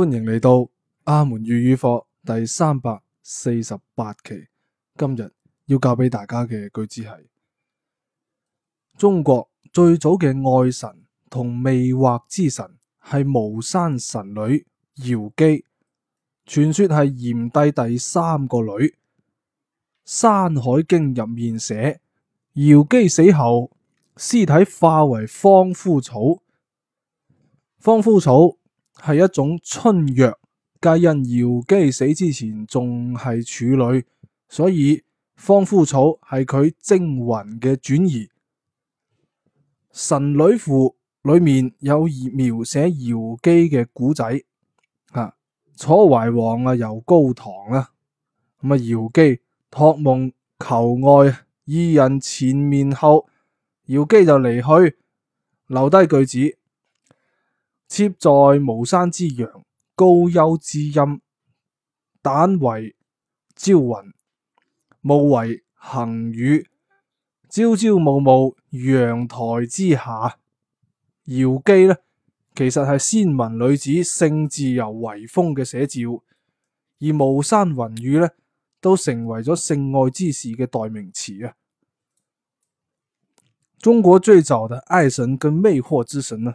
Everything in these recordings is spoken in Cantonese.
歡迎嚟到阿門粵語課第三百四十八期。今日要教俾大家嘅句子係：中國最早嘅愛神同魅惑之神係巫山神女瑤姬，傳說係炎帝第三個女。《山海經》入面寫，瑤姬死後，屍體化為荒夫草，荒夫草。係一種春藥，皆因瑤姬死之前仲係處女，所以荒夫草係佢精魂嘅轉移。《神女賦》裡面有描寫瑤姬嘅古仔，吓楚懷王啊遊高唐啦、啊，咁啊瑤姬託夢求愛，二人纏綿後，瑤姬就離去，留低句子。妾在巫山之陽，高丘之陰。旦為朝雲，暮為行雨。朝朝暮暮，陽台之下。瑤姬咧，其實係先民女子性自由遺風嘅寫照。而巫山雲雨咧，都成為咗性愛之事嘅代名詞啊！中國最早的愛神跟魅惑之神呢？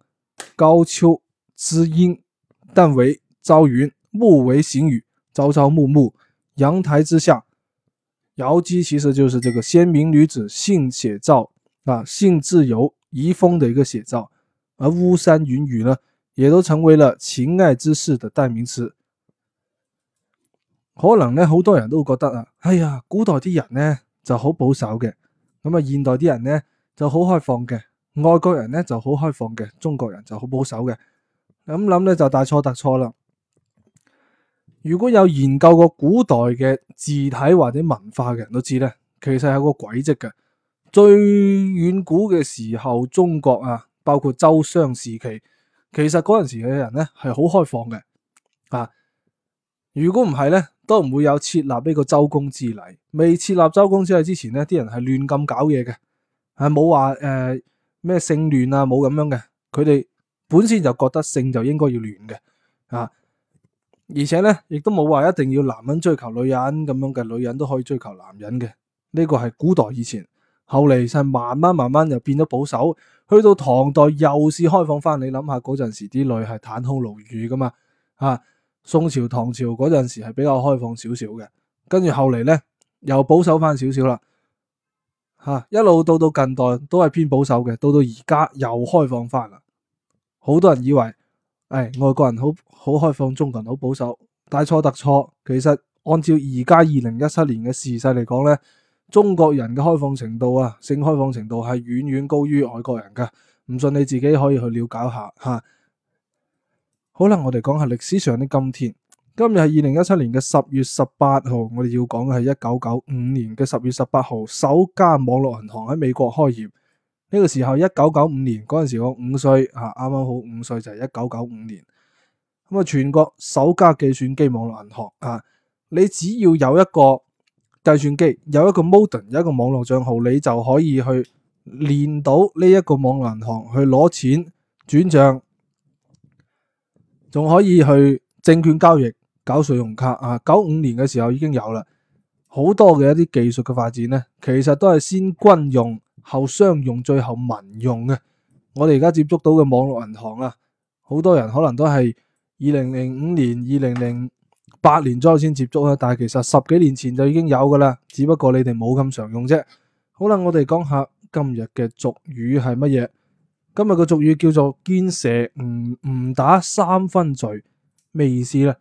高丘知音，但為朝雲，暮為行雨。朝朝暮暮，陽台之下，瑤姬其實就是這個鮮明女子性寫照啊，性自由遺風的一個寫照。而、啊、巫山雲雨呢，也都成為了情愛之事的代名詞。可能呢，好多人都覺得啊，哎呀，古代啲人呢就好保守嘅，咁啊，現代啲人呢就好開放嘅。外國人咧就好開放嘅，中國人就好保守嘅。咁諗咧就大錯特錯啦。如果有研究過古代嘅字體或者文化嘅人都知咧，其實係有個軌跡嘅。最遠古嘅時候，中國啊，包括周商時期，其實嗰陣時嘅人咧係好開放嘅。啊，如果唔係咧，都唔會有設立呢個周公之禮。未設立周公之禮之前呢，啲人係亂咁搞嘢嘅。誒、啊，冇話誒。呃咩性亂啊，冇咁樣嘅。佢哋本身就覺得性就應該要亂嘅啊，而且咧亦都冇話一定要男人追求女人咁樣嘅，女人都可以追求男人嘅。呢個係古代以前，後嚟就係慢慢慢慢又變咗保守。去到唐代又是開放翻，你諗下嗰陣時啲女係袒胸露乳噶嘛啊？宋朝、唐朝嗰陣時係比較開放少少嘅，跟住後嚟咧又保守翻少少啦。吓，一路到到近代都係偏保守嘅，到到而家又開放翻啦。好多人以為，誒、哎，外國人好好開放，中國人好保守，大錯特錯。其實按照而家二零一七年嘅時勢嚟講咧，中國人嘅開放程度啊，性開放程度係遠遠高於外國人噶。唔信你自己可以去了解下吓、啊。好啦，我哋講下歷史上的今天。今日係二零一七年嘅十月十八號，我哋要講嘅係一九九五年嘅十月十八號，首家網絡銀行喺美國開業。呢個時候一九九五年，嗰陣時我五歲，吓啱啱好五歲就係一九九五年。咁啊，全國首家計算機網絡銀行啊，你只要有一個計算機，有一個 modem，有一個網絡賬號，你就可以去連到呢一個網絡銀行去攞錢轉賬，仲可以去證券交易。搞信用卡啊！九五年嘅時候已經有啦，好多嘅一啲技術嘅發展咧，其實都係先軍用後商用最後民用嘅。我哋而家接觸到嘅網絡銀行啦，好多人可能都係二零零五年、二零零八年左右先接觸啦，但係其實十幾年前就已經有噶啦，只不過你哋冇咁常用啫。好啦，我哋講下今日嘅俗語係乜嘢？今日嘅俗語叫做見蛇唔唔打三分罪，咩意思咧？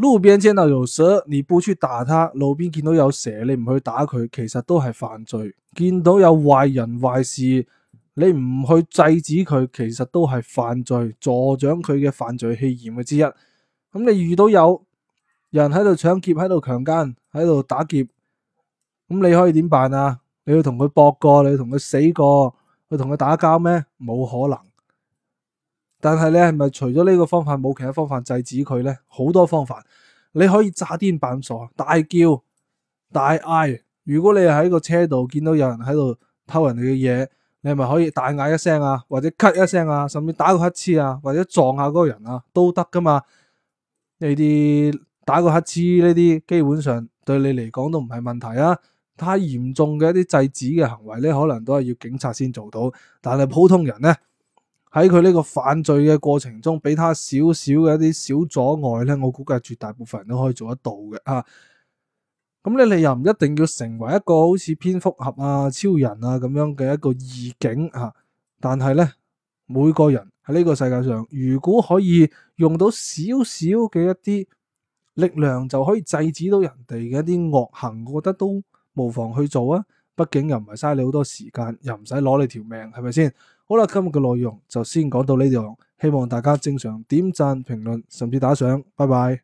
路邊見到有蛇，你不去打它；路邊見到有蛇，你唔去打佢，其實都係犯罪。見到有壞人壞事，你唔去制止佢，其實都係犯罪，助長佢嘅犯罪氣焰嘅之一。咁、嗯、你遇到有人喺度搶劫、喺度強姦、喺度打劫，咁你可以點辦啊？你要同佢搏過，你要同佢死過，去同佢打交咩？冇可能。但係咧，係咪除咗呢個方法，冇其他方法制止佢咧？好多方法，你可以詐癲扮傻、大叫、大嗌。如果你喺個車度見到有人喺度偷人哋嘅嘢，你係咪可以大嗌一聲啊，或者咳一聲啊，甚至打個乞嗤啊，或者撞下嗰個人啊，都得噶嘛？呢啲打個乞嗤呢啲，基本上對你嚟講都唔係問題啊。太嚴重嘅一啲制止嘅行為咧，可能都係要警察先做到。但係普通人咧。喺佢呢個犯罪嘅過程中，俾他少少嘅一啲小阻礙咧，我估計絕大部分人都可以做得到嘅啊。咁咧，你又唔一定要成為一個好似蝙蝠俠啊、超人啊咁樣嘅一個異境義警。啊。但係咧，每個人喺呢個世界上，如果可以用到少少嘅一啲力量，就可以制止到人哋嘅一啲惡行，我覺得都無妨去做啊。畢竟又唔係嘥你好多時間，又唔使攞你條命，係咪先？好啦，今日嘅內容就先講到呢度，希望大家正常點讚、評論，甚至打賞。拜拜。